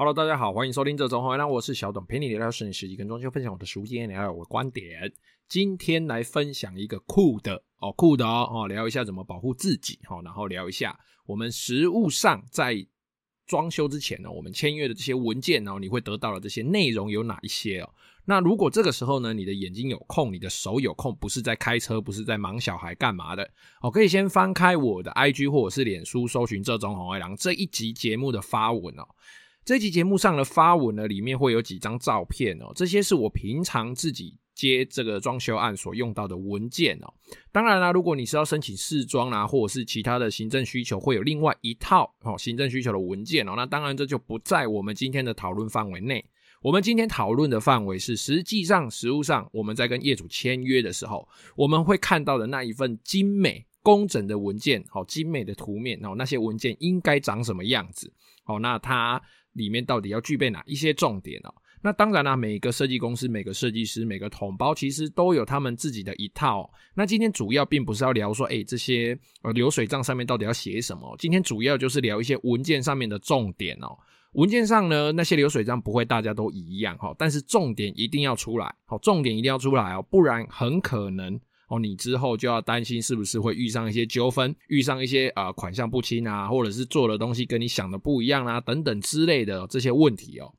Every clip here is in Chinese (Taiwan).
Hello，大家好，歡迎收聽這種《這中紅，那我是小董，陪你聊設計、跟裝修，分享我的實際案例，聊聊我的觀點。今天來分享一個酷的哦，酷的哦，聊一下怎麼保護自己，哈，然後聊一下我們實務上在裝修之前呢、哦，我們簽約的這些文件、哦，然後你會得到的這些內容有哪一些哦？那如果這個時候呢，你的眼睛有空，你的手有空，不是在開車，不是在忙小孩，幹嘛的？哦，可以先翻開我的 IG 或者是臉書，搜尋這種《這中紅月亮》這一集節目的發文哦。這期節目上的發文呢，裡面會有幾張照片哦。這些是我平常自己接這個裝修案所用到的文件哦。當然啦、啊，如果你是要申請室裝啊或者是其他的行政需求，會有另外一套好、哦、行政需求的文件哦。那當然，這就不在我們今天的討論範圍內。我們今天討論的範圍是實，實際上實務上我們在跟業主簽約的時候，我們會看到的那一份精美工整的文件，好、哦、精美的圖面、哦，那些文件應該長什麼樣子？好、哦，那它。裡面到底要具備哪一些重點哦？那當然啦，每個設計公司、每個設計師、每個同胞其實都有他們自己的一套喔。那今天主要並不是要聊說，哎，這些呃流水賬上面到底要寫什麼？今天主要就是聊一些文件上面的重點哦。文件上呢，那些流水賬不會大家都一樣哈，但是重點一定要出來，好，重點一定要出來哦，不然很可能。哦，你之後就要擔心是不是會遇上一些糾紛，遇上一些啊、呃、款項不清啊，或者是做的東西跟你想的不一樣啊，等等之類的這些問題哦。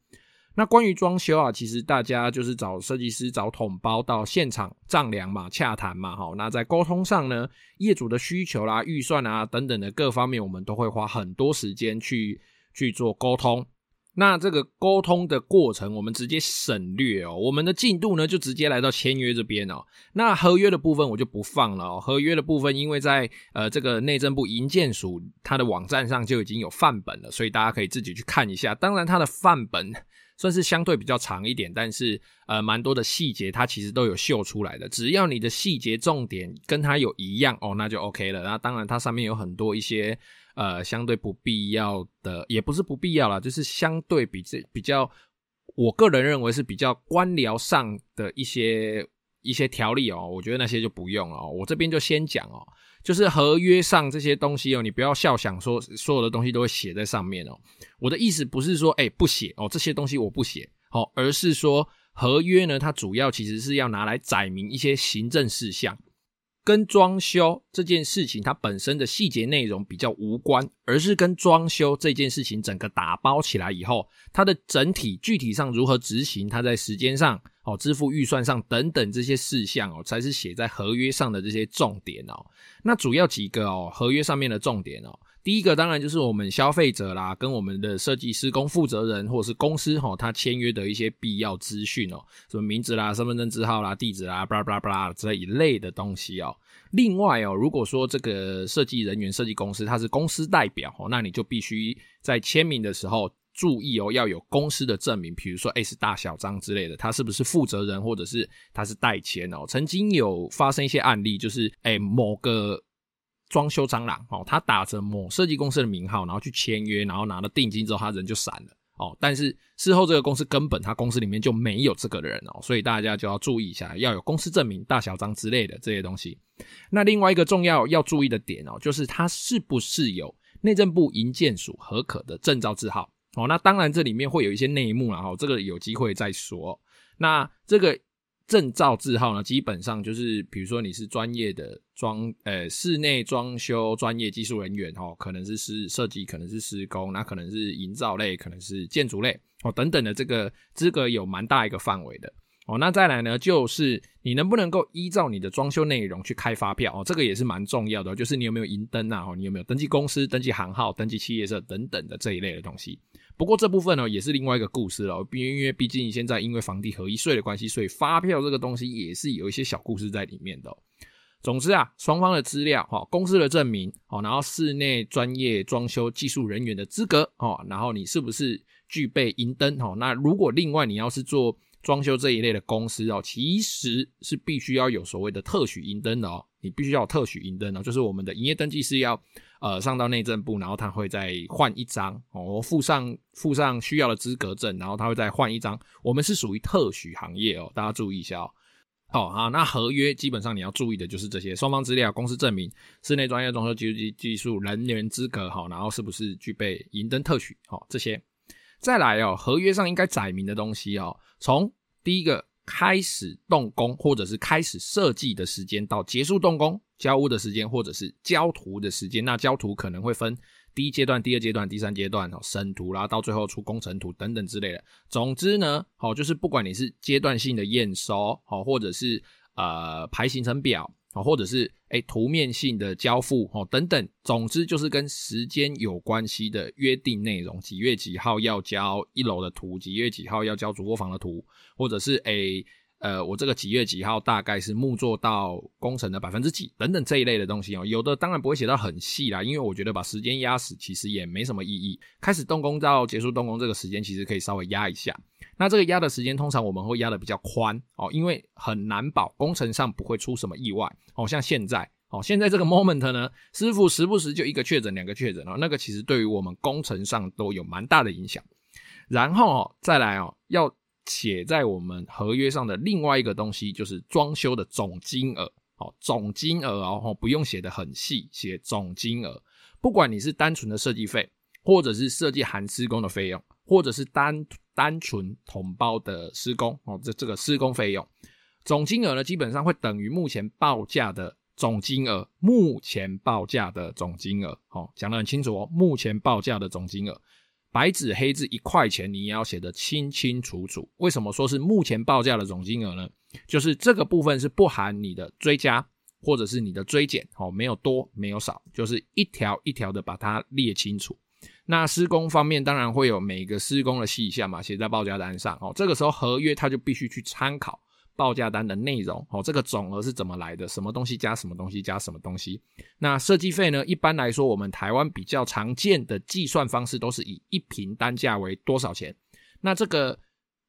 那關於裝修啊，其實大家就是找設計師、找統包到現場丈量嘛，洽談嘛，好，哦，那在溝通上呢，業主的需求啦、預算啊等等的各方面，我們都會花很多時間去去做溝通。那這個溝通的過程，我們直接省略哦。我們的進度呢，就直接來到簽約這邊哦。那合約的部分我就不放了哦。合約的部分，因為在呃這個內政部營建署它的網站上就已經有範本了，所以大家可以自己去看一下。當然，它的範本算是相對比較長一點，但是呃蠻多的細節，它其實都有秀出來的。只要你的細節重點跟它有一樣哦，那就 OK 了。那當然，它上面有很多一些。呃，相對不必要的，也不是不必要啦，就是相對比這比較，我個人認為是比較官僚上的一些一些條例哦，我覺得那些就不用了。我這邊就先講哦，就是合約上這些東西哦，你不要笑，想說所有的東西都會寫在上面哦。我的意思不是說欸，不寫哦，這些東西我不寫哦，而是說合約呢，它主要其實是要拿來載明一些行政事項。跟裝修這件事情，它本身的細節內容比較無關，而是跟裝修這件事情整個打包起來以後，它的整體具體上如何執行，它在時間上、哦，支付預算上等等這些事項哦，才是寫在合約上的這些重點哦。那主要幾個哦，合約上面的重點哦。第一個當然就是我們消費者啦，跟我們的設計施工負責人或者是公司吼、喔、他簽約的一些必要資訊哦，什麼名字啦、身份證字號啦、地址啦，blah blah blah 這一類的東西哦、喔。另外哦、喔，如果說這個設計人員、設計公司他是公司代表哦、喔，那你就必須在簽名的時候注意哦、喔，要有公司的證明，比如說誒是大小章之類的，他是不是負責人或者是他是代簽哦？曾經有發生一些案例，就是誒、欸、某個。裝修蟑螂哦，他打着某設計公司的名號，然後去簽約，然後拿了定金之後，他人就散了哦。但是事後這個公司根本他公司裡面就沒有這個的人哦，所以大家就要注意一下，要有公司證明、大小章之類的這些東西。那另外一個重要要注意的點哦，就是他是不是有內政部營建署核可的證照字號哦？那當然這裡面會有一些內幕了哈，這個有機會再說。那這個。證照字號呢，基本上就是，比如說你是專業的裝，呃，室內裝修專業技術人員哦，可能是設計，可能是施工，那、啊、可能是營造類，可能是建築類哦，等等的這個資格有蠻大一個範圍的哦。那再來呢，就是你能不能夠依照你的裝修內容去開發票哦，這個也是蠻重要的，就是你有沒有營登啊，哦，你有沒有登記公司、登記行號、登記企業社等等的這一類的東西。不過這部分呢，也是另外一個故事了。因為畢竟現在因為房地合一稅的關係，所以發票這個東西也是有一些小故事在裡面的。總之啊，雙方的資料哈，公司的證明，然後室內專業裝修技術人員的資格，然後你是不是具備營登？那如果另外你要是做裝修這一類的公司哦，其實是必須要有所謂的特許營登的哦，你必須要有特許營登，就是我們的營業登記是要。呃，上到內政部，然後他會再換一張哦，附上附上需要的資格證，然後他會再換一張。我們是屬於特許行業哦，大家注意一下哦。好、哦，好、啊，那合約基本上你要注意的就是這些：雙方資料、公司證明、室內專業裝修技術技術人員資格，好、哦，然後是不是具備營登特許，好、哦，這些。再來哦，合約上應該載明的東西哦，從第一個。開始動工或者是開始設計的時間，到結束動工交屋的時間，或者是交圖的時間。那交圖可能會分第一階段、第二階段、第三階段，哦，審圖啦，到最後出工程圖等等之類的。總之呢，好，就是不管你是階段性的驗收，好，或者是呃排行程表。啊，或者是誒，圖面性的交付，哦，等等，總之就是跟時間有關係的約定內容，幾月幾號要交一樓的圖，幾月幾號要交主臥房的圖，或者是誒。呃，我這個幾月幾號大概是木作到工程的百分之幾等等這一類的東西哦，有的當然不會寫到很細啦，因為我覺得把時間壓死其實也沒什麼意義。開始動工到結束動工這個時間其實可以稍微壓一下，那這個壓的時間通常我們會壓的比較寬哦，因為很難保工程上不會出什麼意外哦。像現在哦，現在這個 moment 呢，師傅時不時就一個確診兩個確診，然、哦、那個其實對於我們工程上都有蠻大的影響，然後、哦、再來哦要。寫在我們合約上的另外一個東西，就是裝修的總金額，哦，總金額哦，不用寫得很細，寫總金額。不管你是單純的設計費，或者是設計含施工的費用，或者是單單純統包的施工，哦，這這個施工費用，總金額呢，基本上會等於目前報價的總金額，目前報價的總金額，哦，講得很清楚哦，目前報價的總金額。白紙黑字一塊錢，你也要寫得清清楚楚。為什麼說是目前報價的總金額呢？就是這個部分是不含你的追加或者是你的追減，哦，沒有多沒有少，就是一條一條的把它列清楚。那施工方面當然會有每一個施工的細項嘛，寫在報價單上。哦，這個時候合約它就必須去參考。報價單的內容哦，這個總額是怎麼來的？什麼東西加什麼東西加什麼東西？那設計費呢？一般來說，我們台灣比較常見的計算方式都是以一坪單價為多少錢。那這個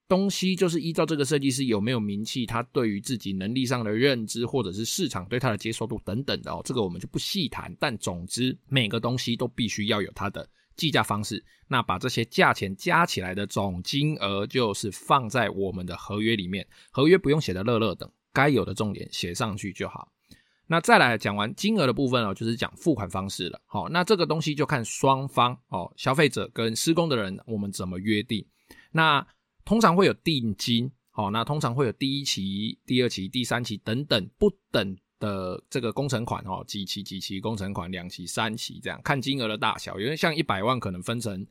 東西就是依照這個設計師有沒有名氣，他對於自己能力上的認知，或者是市場對他的接受度等等的哦。這個我們就不細談。但總之，每個東西都必須要有它的。計價方式，那把這些價錢加起來的總金額，就是放在我們的合約裡面。合約不用寫的樂樂等，該有的重點寫上去就好。那再來講完金額的部分哦，就是講付款方式了。好、哦，那這個東西就看雙方哦，消費者跟施工的人我們怎麼約定。那通常會有定金，好、哦，那通常會有第一期、第二期、第三期等等不等，的這個工程款哈，幾期幾期工程款，兩期、三期這樣看金額的大小，因為像一百萬可能分成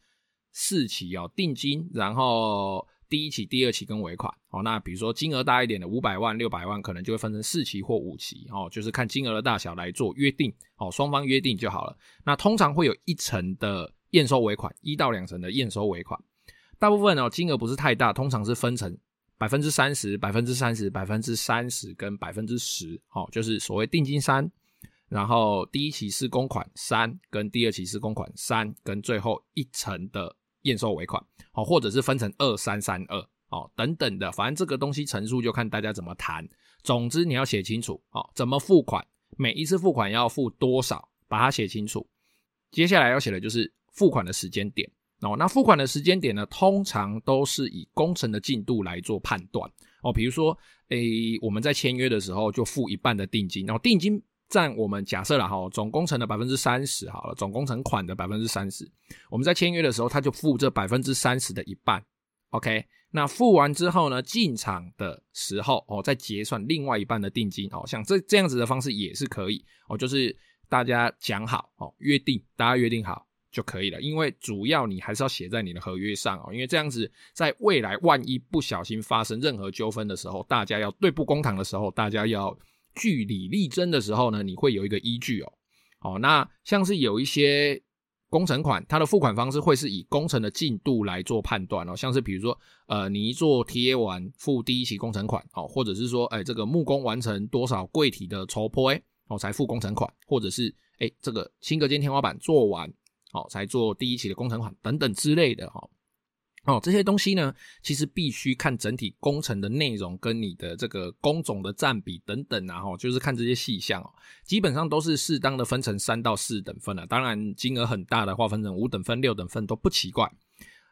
四期哦，定金，然後第一期、第二期跟尾款哦。那比如說金額大一點的，五百萬、六百萬，可能就會分成四期或五期哦，就是看金額的大小來做約定哦，雙方約定就好了。那通常會有一成的驗收尾款，一到兩成的驗收尾款，大部分哦金額不是太大，通常是分成。百分之三十，百分之三十，百分之三十跟百分之十，哦，就是所謂定金三，然後第一期施工款三，跟第二期施工款三，跟最後一層的驗收尾款，好、哦，或者是分成二三三二，哦，等等的，反正這個東西層數就看大家怎麼談，總之你要寫清楚，哦，怎麼付款，每一次付款要付多少，把它寫清楚，接下來要寫的就是付款的時間點。哦，那付款的時間點呢？通常都是以工程的進度來做判斷哦。比如說，誒、欸，我們在簽約的時候就付一半的定金，然、哦、後定金佔我們假設了哈總工程的百分之三十，好了，總工程款的百分之三十。我們在簽約的時候他就付這百分之三十的一半，OK。那付完之後呢，進場的時候哦再結算另外一半的定金哦，像這這樣子的方式也是可以哦，就是大家講好哦，約定，大家約定好。就可以了，因為主要你還是要寫在你的合約上哦，因為這樣子在未來萬一不小心發生任何糾紛的時候，大家要對簿公堂的時候，大家要據理力爭的時候呢，你會有一個依據哦。哦，那像是有一些工程款，它的付款方式會是以工程的進度來做判斷哦，像是比如說，呃，你一做貼完付第一期工程款哦，或者是說，哎，這個木工完成多少櫃體的抽屜誒，哦才付工程款，或者是哎，這個新隔間天花板做完。好、哦，才做第一期的工程款等等之類的哈、哦。哦，這些東西呢，其實必須看整體工程的內容跟你的這個工種的佔比等等、啊，然、哦、後就是看這些細項哦。基本上都是適當的分成三到四等分了、啊。當然，金額很大的話，分成五等分、六等分都不奇怪。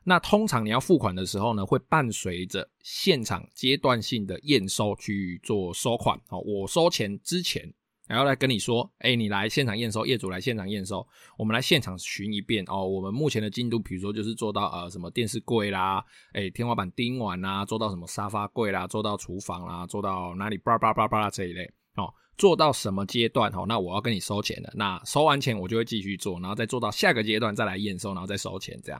那通常你要付款的時候呢，會伴隨着現場階段性的驗收去做收款。哦，我收錢之前。然後來跟你說，哎，你來現場驗收，業主來現場驗收，我們來現場巡一遍哦。我們目前的進度，比如說就是做到呃什麼電視櫃啦，哎，天花板釘完啦，做到什麼沙發櫃啦，做到廚房啦，做到哪裡叭叭叭叭這一類哦，做到什麼階段哦，那我要跟你收錢的。那收完錢我就會繼續做，然後再做到下個階段再來驗收，然後再收錢這樣。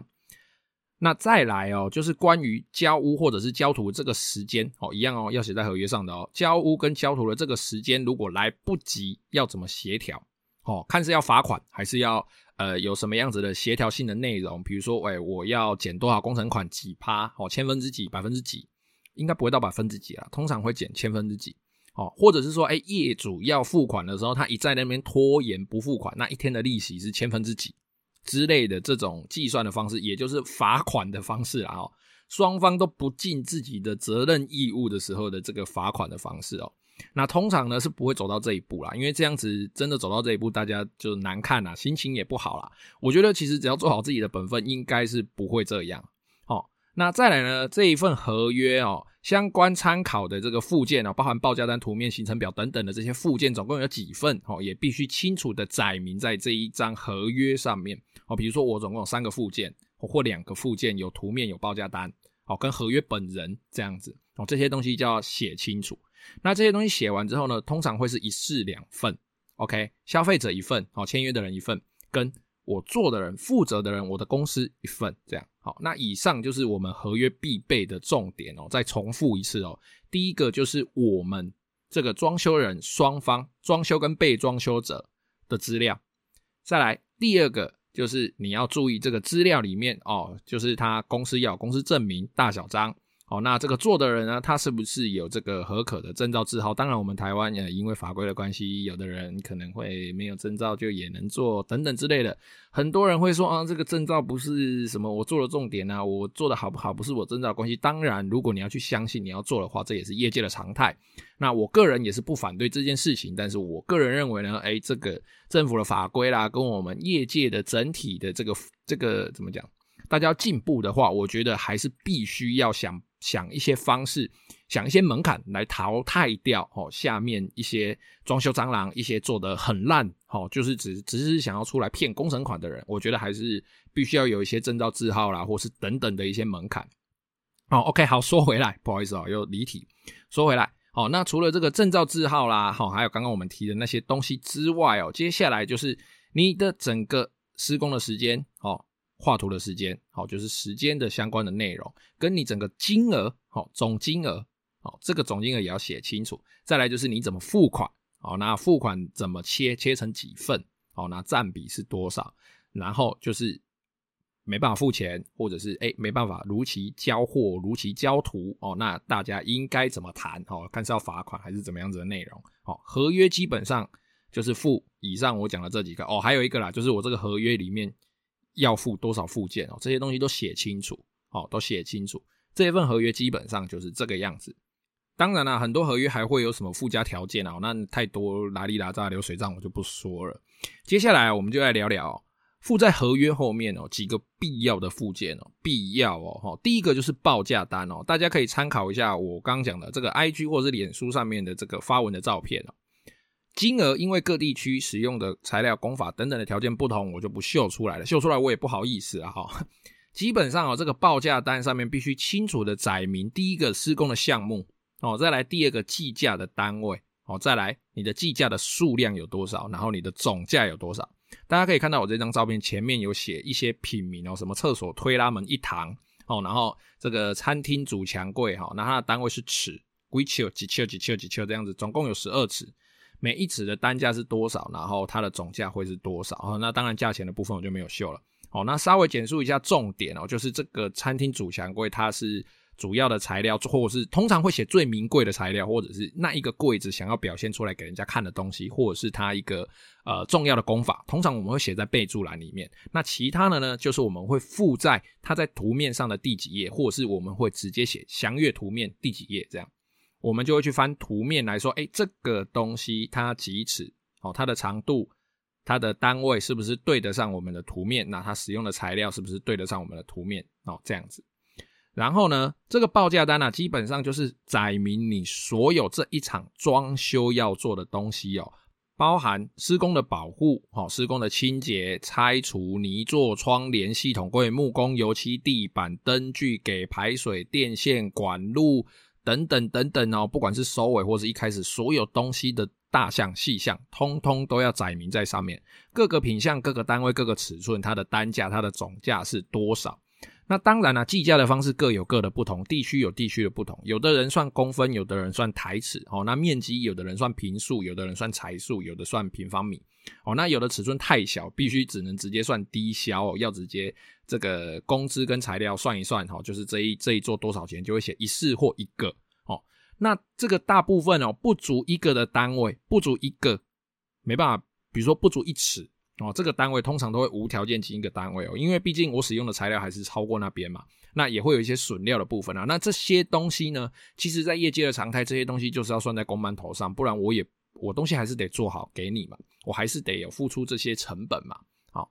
那再來哦，就是關於交屋或者是交圖這個時間哦，一樣哦，要寫在合約上的哦。交屋跟交圖的這個時間如果來不及，要怎麼協調哦？看是要罰款，還是要呃有什麼樣子的協調性的內容？比如說，誒，我要減多少工程款幾趴？哦，千分之幾，百分之幾？應該不會到百分之幾啊，通常會減千分之幾。哦，或者是說，哎、欸，業主要付款的時候，他一在那邊拖延不付款，那一天的利息是千分之幾？之類的這種計算的方式，也就是罰款的方式啊、哦，雙方都不盡自己的責任義務的時候的這個罰款的方式哦。那通常呢是不會走到這一步啦，因為這樣子真的走到這一步，大家就難看啦、啊，心情也不好了。我覺得其實只要做好自己的本分，應該是不會這樣。好、哦，那再來呢這一份合約哦。相關參考的這個附件包含報價單、圖面、行程表等等的這些附件，總共有幾份哦，也必須清楚的載明在這一張合約上面哦。比如說我總共有三個附件，或兩個附件，有圖面、有報價單，哦，跟合約本人這樣子哦，這些東西就要寫清楚。那這些東西寫完之後呢，通常會是一式兩份，OK？消費者一份哦，簽約的人一份，跟我做的人負責的人，我的公司一份，這樣。那以上就是我們合約必備的重點哦，再重複一次哦。第一個就是我們這個裝修人雙方，裝修跟被裝修者的資料。再來第二個就是你要注意這個資料裡面哦，就是他公司要公司證明大小章。哦，那這個做的人呢、啊，他是不是有這個合格的證照字號？當然，我們台灣也、呃、因為法規的關係，有的人可能會沒有證照就也能做等等之類的。很多人會說啊，這個證照不是什麼，我做的重點啊，我做的好不好不是我證照關係。當然，如果你要去相信你要做的話，這也是業界的常態。那我個人也是不反對這件事情，但是我個人認為呢，哎、欸，這個政府的法規啦，跟我們業界的整體的這個這個怎麼講，大家進步的話，我覺得還是必須要想。想一些方式，想一些門檻來淘汰掉哦，下面一些裝修蟑螂，一些做得很爛，哦，就是只是只是想要出來騙工程款的人，我覺得還是必須要有一些證照字號啦，或是等等的一些門檻。哦，OK，好，說回來，不好意思哦，又離題。說回來，哦，那除了這個證照字號啦，好、哦，還有剛剛我們提的那些東西之外哦，接下來就是你的整個施工的時間，哦。畫圖的時間，好，就是時間的相關的內容，跟你整個金額，好，總金額，好，這個總金額也要寫清楚。再來就是你怎麼付款，好，那付款怎麼切，切成幾份，好，那佔比是多少？然後就是沒辦法付錢，或者是哎、欸、沒辦法如期交貨、如期交，交圖，哦，那大家應該怎麼談？哦，看是要罰款還是怎麼樣子的內容？好，合約基本上就是付以上我講的這幾個，哦，還有一個啦，就是我這個合約裡面。要付多少附件哦？這些東西都寫清楚哦，都寫清楚。這一份合約基本上就是這個樣子。當然啦、啊，很多合約還會有什麼附加條件啊、哦？那太多拉里拉扎流水賬，我就不說了。接下來我們就來聊聊、哦、附在合約後面哦幾個必要的附件哦，必要哦哈。第一個就是報價單哦，大家可以參考一下我剛剛講的這個 IG 或者是臉書上面的這個發文的照片哦。金額因為各地區使用的材料、工法等等的條件不同，我就不秀出來了。秀出來我也不好意思啊哈、哦。基本上啊、哦，這個報價單上面必須清楚的載明第一個施工的項目哦，再來第二個計價的單位哦，再來你的計價的數量有多少，然後你的總價有多少。大家可以看到我這張照片前面有寫一些品名哦，什麼廁所推拉門一樘，哦，然後這個餐廳主牆櫃哈、哦，那它的單位是尺，幾尺幾尺幾尺幾尺這樣子，總共有十二尺。每一尺的單價是多少？然後它的總價會是多少？哦，那當然價錢的部分我就沒有秀了。哦，那稍微簡述一下重點哦，就是這個餐廳主牆櫃，它是主要的材料，或者是通常會寫最名貴的材料，或者是那一個櫃子想要表現出來給人家看的東西，或者是它一個呃重要的工法，通常我們會寫在備註欄裡面。那其他的呢，就是我們會附在它在圖面上的第幾頁，或者是我們會直接寫詳閱圖面第幾頁這樣。我們就會去翻圖面來說，誒，這個東西它幾尺？哦，它的長度、它的單位是不是對得上我們的圖面？那它使用的材料是不是對得上我們的圖面？哦，這樣子。然後呢，這個報價單呢、啊，基本上就是載明你所有這一場裝修要做的東西哦，包含施工的保護、哦，施工的清潔、拆除、泥作、窗簾、系統櫃、木工、油漆、地板、燈具給、給排水、電線管路。等等等等哦，不管是收尾或是一開始，所有東西的大項、細項，通通都要載明在上面。各個品項、各個單位、各個尺寸，它的單價、它的總價是多少？那當然了、啊，計價的方式各有各的不同，地區有地區的不同。有的人算公分，有的人算台尺哦。那面積，有的人算坪數，有的人算材數，有的算平方米。哦，那有的尺寸太小，必須只能直接算低消、哦，要直接這個工資跟材料算一算哈、哦，就是這一這一做多少錢，就會寫一式或一個哦。那這個大部分哦不足一個的單位，不足一個沒辦法，比如說不足一尺哦，這個單位通常都會無條件進一個單位哦，因為畢竟我使用的材料還是超過那邊嘛，那也會有一些損料的部分啊。那這些東西呢，其實在業界的常態，這些東西就是要算在工班頭上，不然我也。我東西還是得做好給你嘛，我還是得有付出這些成本嘛，好，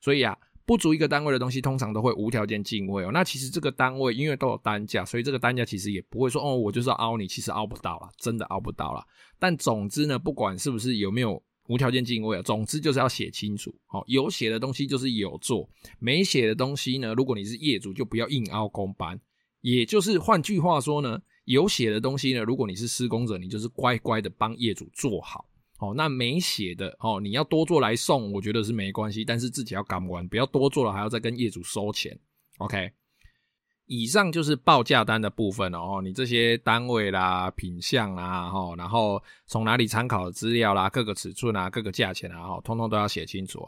所以啊，不足一個單位的東西，通常都會無條件進位哦。那其實這個單位因為都有單價，所以這個單價其實也不會說哦，我就是要凹你，其實凹不到了，真的凹不到了。但總之呢，不管是不是有沒有無條件進位啊，總之就是要寫清楚，好，有寫的東西就是有做，沒寫的東西呢，如果你是業主，就不要硬凹工班，也就是換句話說呢。有寫的東西呢，如果你是施工者，你就是乖乖的幫業主做好，哦，那沒寫的哦，你要多做來送，我覺得是沒關係，但是自己要敢玩，不要多做了還要再跟業主收錢，OK？以上就是報價單的部分了哦，你這些單位啦、品項啦、哦，然後從哪裡參考的資料啦、各個尺寸啊、各個價錢啊，哈，通通都要寫清楚。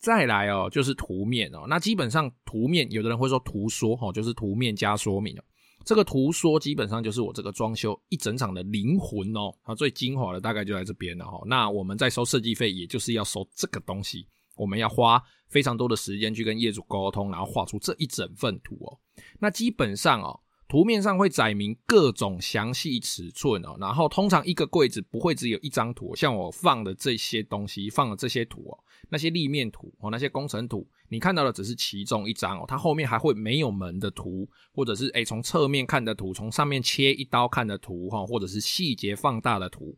再來哦，就是圖面哦，那基本上圖面有的人會說圖說，就是圖面加說明哦。這個圖說基本上就是我這個裝修一整場的靈魂哦，它最精華的大概就在這邊了哈、哦。那我們在收設計費，也就是要收這個東西，我們要花非常多的時間去跟業主溝通，然後畫出這一整份圖哦。那基本上哦，圖面上會載明各種詳細尺寸哦，然後通常一個櫃子不會只有一張圖，像我放的這些東西，放的這些圖哦，那些立面圖哦，那些工程圖。你看到的只是其中一張哦，它後面還會沒有門的圖，或者是，欸，從側面看的圖，從上面切一刀看的圖哈，或者是細節放大的圖。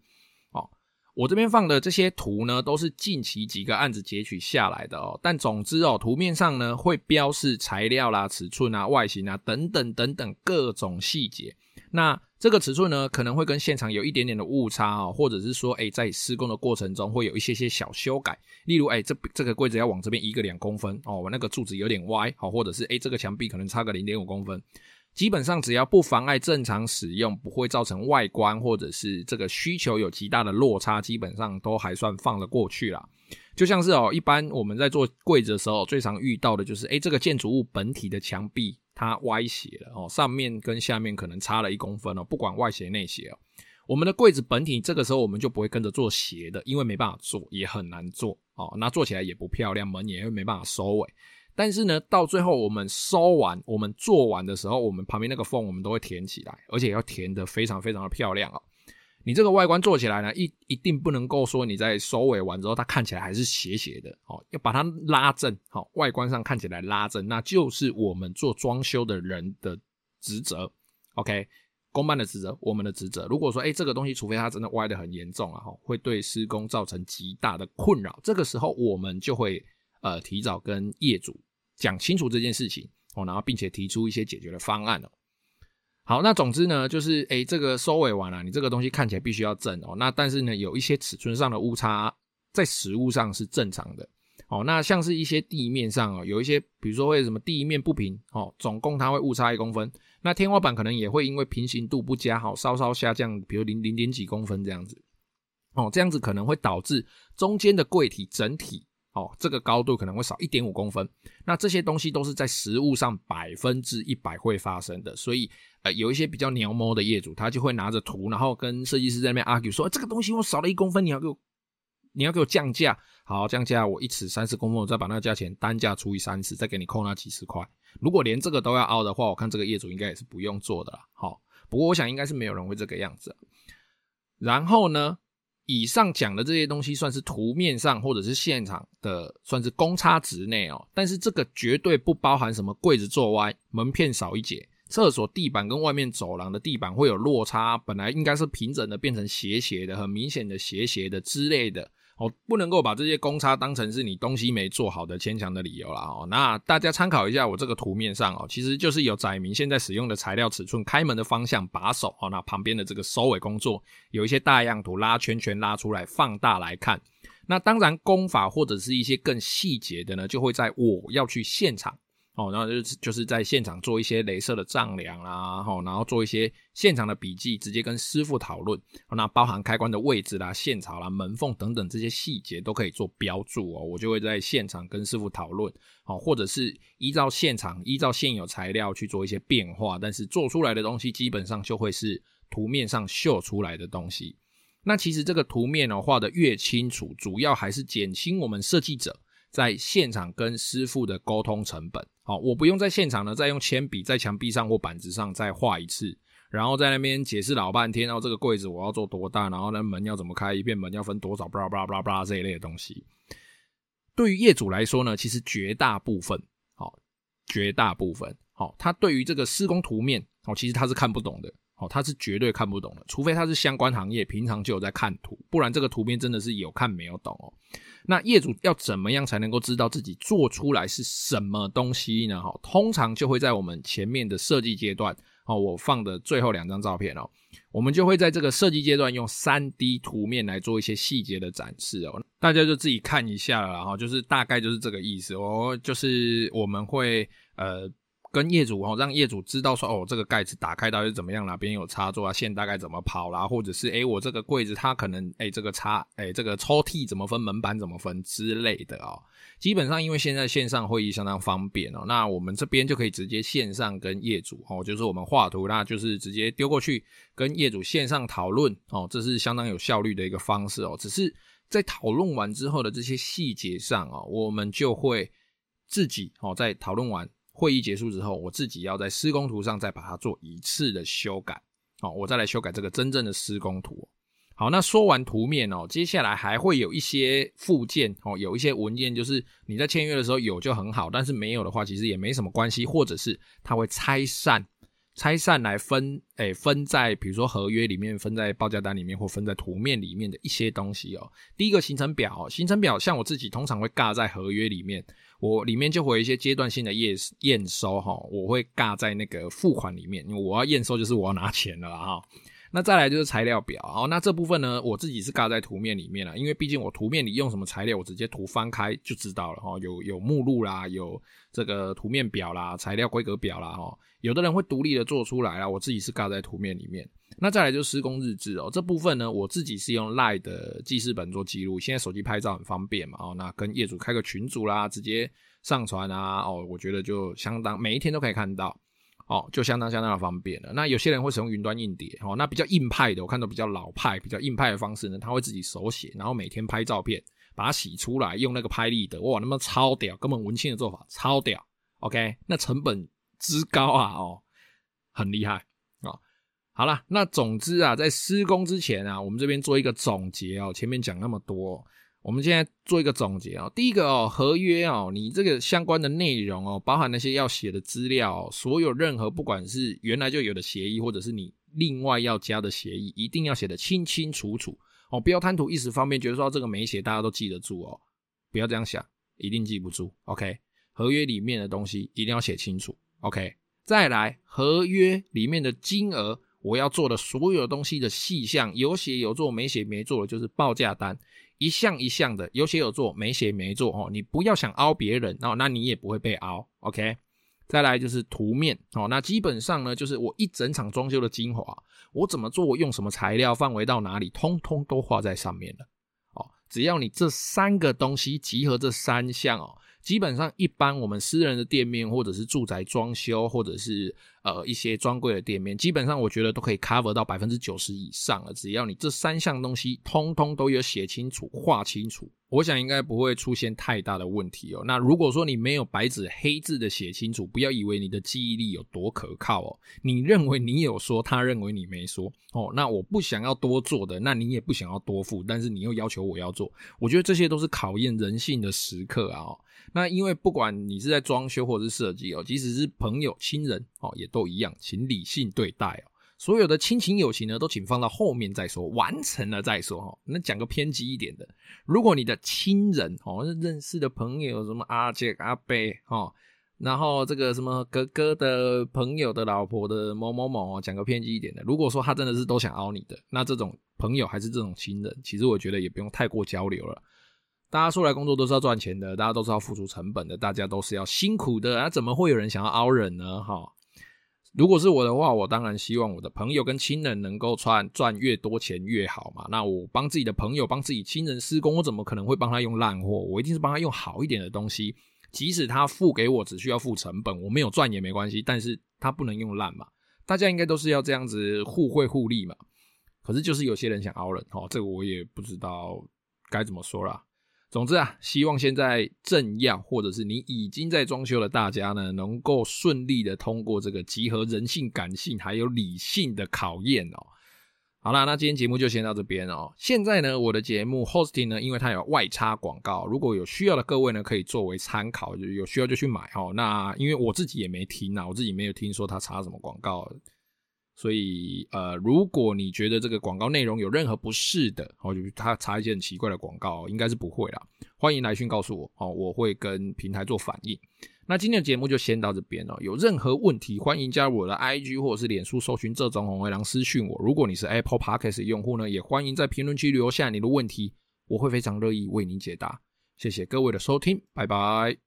我這邊放的這些圖呢，都是近期幾個案子截取下來的哦、喔。但總之哦、喔，圖面上呢會標示材料啦、尺寸啊、外形啊等等等等各種細節。那這個尺寸呢，可能會跟現場有一點點的誤差哦、喔，或者是說，哎、欸，在施工的過程中會有一些些小修改，例如，哎、欸，這這個櫃子要往這邊移個兩公分哦，我、喔、那個柱子有點歪，好、喔，或者是哎、欸，這個牆壁可能差個零點五公分。基本上只要不妨礙正常使用，不會造成外觀或者是這個需求有極大的落差，基本上都還算放得過去啦。就像是哦，一般我們在做櫃子的時候，最常遇到的就是，誒，這個建築物本體的牆壁它歪斜了哦，上面跟下面可能差了一公分哦，不管外斜內斜哦，我們的櫃子本體這個時候我們就不會跟着做斜的，因為沒辦法做，也很難做哦，那做起來也不漂亮，門也會沒辦法收尾、欸。但是呢，到最後我們收完，我們做完的時候，我們旁邊那個縫我們都會填起來，而且要填得非常非常的漂亮哦。你這個外觀做起來呢，一一定不能夠說你在收尾完之後它看起來還是斜斜的哦，要把它拉正。好，哦，外觀上看起來拉正，那就是我們做裝修的人的職責。OK，工班的職責，我們的職責。如果說哎，欸，這個東西除非它真的歪得很嚴重了，啊，會對施工造成極大的困擾，這個時候我們就會。呃，提早跟業主講清楚這件事情哦，然後並且提出一些解決的方案哦。好，那總之呢，就是誒，這個收尾完了、啊，你這個東西看起來必須要正哦。那但是呢，有一些尺寸上的誤差在實物上是正常的哦。那像是一些地面上哦，有一些，比如說會什麼地面不平哦，總共它會誤差一公分。那天花板可能也會因為平行度不佳，好稍稍下降，比如零零點幾公分這樣子哦，這樣子可能會導致中間的櫃體整體。哦，這個高度可能會少一點五公分，那這些東西都是在實物上百分之一百會發生的，所以呃，有一些比較龜毛的業主，他就會拿着圖，然後跟設計師在那邊 argue 說，這個東西我少了一公分，你要給我，你要給我降價，好降價，我一尺三十公分，我再把那個價錢單價除以三十，再給你扣那幾十塊。如果連這個都要凹的話，我看這個業主應該也是不用做的啦。好，哦，不過我想應該是沒有人會這個樣子。然後呢？以上講的這些東西，算是圖面上或者是現場的，算是公差值內哦。但是這個絕對不包含什麼櫃子做歪、門片少一截、廁所地板跟外面走廊的地板會有落差，本來應該是平整的變成斜斜的、很明顯的斜斜的之類的。哦，不能夠把這些公差當成是你東西沒做好的牽強的理由啦哦。那大家參考一下我這個圖面上哦，其實就是有載明現在使用的材料、尺寸、開門的方向、把手哦。那旁邊的這個收尾工作有一些大樣圖，拉圈圈拉出來放大來看。那當然，工法或者是一些更細節的呢，就會在我要去現場。哦，然後就就是在現場做一些鐳射的丈量啦，吼、哦，然後做一些現場的筆記，直接跟師傅討論。哦、那包含開關的位置啦、啊、線槽啦、啊、門縫等等這些細節都可以做標註哦。我就會在現場跟師傅討論，哦，或者是依照現場依照現有材料去做一些變化，但是做出來的東西基本上就會是圖面上秀出來的東西。那其實這個圖面的、哦、畫得越清楚，主要還是減輕我們設計者，在現場跟師傅的溝通成本，好，我不用在現場呢，再用鉛筆在牆壁上或板子上再畫一次，然後在那邊解釋老半天，然後這個櫃子我要做多大，然後呢門要怎麼開，一片門要分多少，巴拉巴拉巴拉巴拉這一類的東西。對於業主來說呢，其實絕大部分，好，絕大部分，好，他對於這個施工圖面，其實他是看不懂的，他是絕對看不懂的，除非他是相關行業，平常就有在看圖，不然這個圖面真的是有看沒有懂哦。那業主要怎麼樣才能夠知道自己做出來是什麼東西呢？哈，通常就會在我們前面的設計階段，我放的最後兩張照片哦，我們就會在這個設計階段用三 D 圖面來做一些細節的展示哦，大家就自己看一下了哈，就是大概就是這個意思哦，就是我們會呃。跟業主哦，讓業主知道說哦，這個蓋子打開到底是怎麼樣，啊，哪邊有插座啊，線大概怎麼跑啦，啊，或者是誒、欸、我這個櫃子它可能誒、欸、這個插誒、欸、這個抽屜怎麼分，門板怎麼分之類的啊、哦。基本上因為現在線上會議相當方便哦，那我們這邊就可以直接線上跟業主哦，就是我們畫圖，那就是直接丟過去跟業主線上討論哦，這是相當有效率的一個方式哦。只是在討論完之後的這些細節上啊、哦，我們就會自己哦，在討論完。會議結束之後，我自己要在施工圖上再把它做一次的修改，好，哦，我再來修改這個真正的施工圖。好，那說完圖面哦，接下來還會有一些附件哦，有一些文件，就是你在簽約的時候有就很好，但是沒有的話，其實也沒什麼關係，或者是它會拆散。拆散來分，誒、欸，分在比如說合約裡面，分在報價單裡面，或分在圖面裡面的一些東西哦、喔。第一個行程表、喔，行程表像我自己通常會尬在合約裡面，我裡面就會有一些階段性的驗驗收哈、喔，我會尬在那個付款裡面，因為我要驗收就是我要拿錢了哈、喔。那再來就是材料表，哦，那這部分呢，我自己是掛在圖面裡面了，因為畢竟我圖面裡用什麼材料，我直接圖翻開就知道了，哦，有有目錄啦，有這個圖面表啦，材料規格表啦，哦，有的人會獨立的做出來啊，我自己是掛在圖面裡面。那再來就是施工日誌哦，這部分呢，我自己是用 LINE 的記事本做記錄，現在手機拍照很方便嘛，哦，那跟業主開個群組啦，直接上傳啊，哦，我覺得就相當，每一天都可以看到。哦，就相當相當的方便了。那有些人會使用雲端硬碟，哦，那比較硬派的，我看到比較老派、比較硬派的方式呢，他會自己手寫，然後每天拍照片，把它洗出來，用那個拍立得，哇，那麼超屌，根本文青的做法，超屌。OK，那成本之高啊，哦，很厲害啊，哦。好啦，那總之啊，在施工之前啊，我們這邊做一個總結哦，前面講那麼多，哦。我們現在做一個總結啊、哦，第一個哦，合約哦，你這個相關的內容哦，包含那些要寫的資料、哦，所有任何不管是原來就有的協議，或者是你另外要加的協議，一定要寫得清清楚楚哦，不要貪圖一時方便，覺得說這個沒寫大家都記得住哦，不要這樣想，一定記不住。OK，合約裡面的東西一定要寫清楚。OK，再來，合約裡面的金額，我要做的所有東西的細項，有寫有做，沒寫沒做的就是報價單。一項一項的有寫有做，沒寫沒做哦。你不要想凹別人哦，那你也不會被凹。OK，再來就是圖面哦。那基本上呢，就是我一整場裝修的精華，我怎麼做，我用什麼材料，範圍到哪裡，通通都畫在上面了哦。只要你這三個東西集合這三項哦，基本上一般我們私人的店面或者是住宅裝修或者是。呃，一些專櫃的店面，基本上我覺得都可以 cover 到百分之九十以上了。只要你這三項東西通通都有寫清楚、畫清楚，我想應該不會出現太大的問題哦。那如果說你沒有白紙黑字的寫清楚，不要以為你的記憶力有多可靠哦。你認為你有說，他認為你沒說哦。那我不想要多做的，那你也不想要多付，但是你又要求我要做，我覺得這些都是考驗人性的時刻啊、哦。那因為不管你是在裝修或者是設計哦，即使是朋友、親人哦，也。都一樣，請理性對待、喔、所有的親情友情呢，都請放到後面再說，完成了再說哈、喔。那講個偏激一點的，如果你的親人哦、喔，認識的朋友什麼阿杰阿貝哦、喔，然後這個什麼哥哥的朋友的老婆的某某某，講、喔、個偏激一點的，如果說他真的是都想凹你的，那這種朋友還是這種親人，其實我覺得也不用太過交流了。大家出來工作都是要賺錢的，大家都是要付出成本的，大家都是要辛苦的啊，怎麼會有人想要凹人呢？哈、喔。如果是我的話，我當然希望我的朋友跟親人能夠賺賺越多錢越好嘛。那我幫自己的朋友、幫自己親人施工，我怎麼可能會幫他用爛貨？我一定是幫他用好一點的東西，即使他付給我只需要付成本，我沒有賺也沒關係。但是他不能用爛嘛，大家應該都是要這樣子互惠互利嘛。可是就是有些人想凹人，哦，這個我也不知道該怎麼說啦。總之啊，希望現在正要或者是你已經在裝修的大家呢，能夠順利的通過這個集合人性、感性還有理性的考驗哦。好啦，那今天節目就先到這邊哦。現在呢，我的節目 hosting 呢，因為它有外插廣告，如果有需要的各位呢，可以作為參考，有需要就去買哦。那因為我自己也沒聽啊，我自己沒有聽說它插什麼廣告。所以，呃，如果你覺得這個廣告內容有任何不適的，哦，就是他插一些很奇怪的廣告，應該是不會啦。歡迎來訊告訴我，哦，我會跟平台做反應。那今天的節目就先到這邊了，哦。有任何問題，歡迎加入我的 IG 或者是臉書，搜尋“這種紅尾狼”，私訊我。如果你是 Apple Podcast 的用戶呢，也歡迎在評論區留下你的問題，我會非常樂意為您解答。謝謝各位的收聽，拜拜。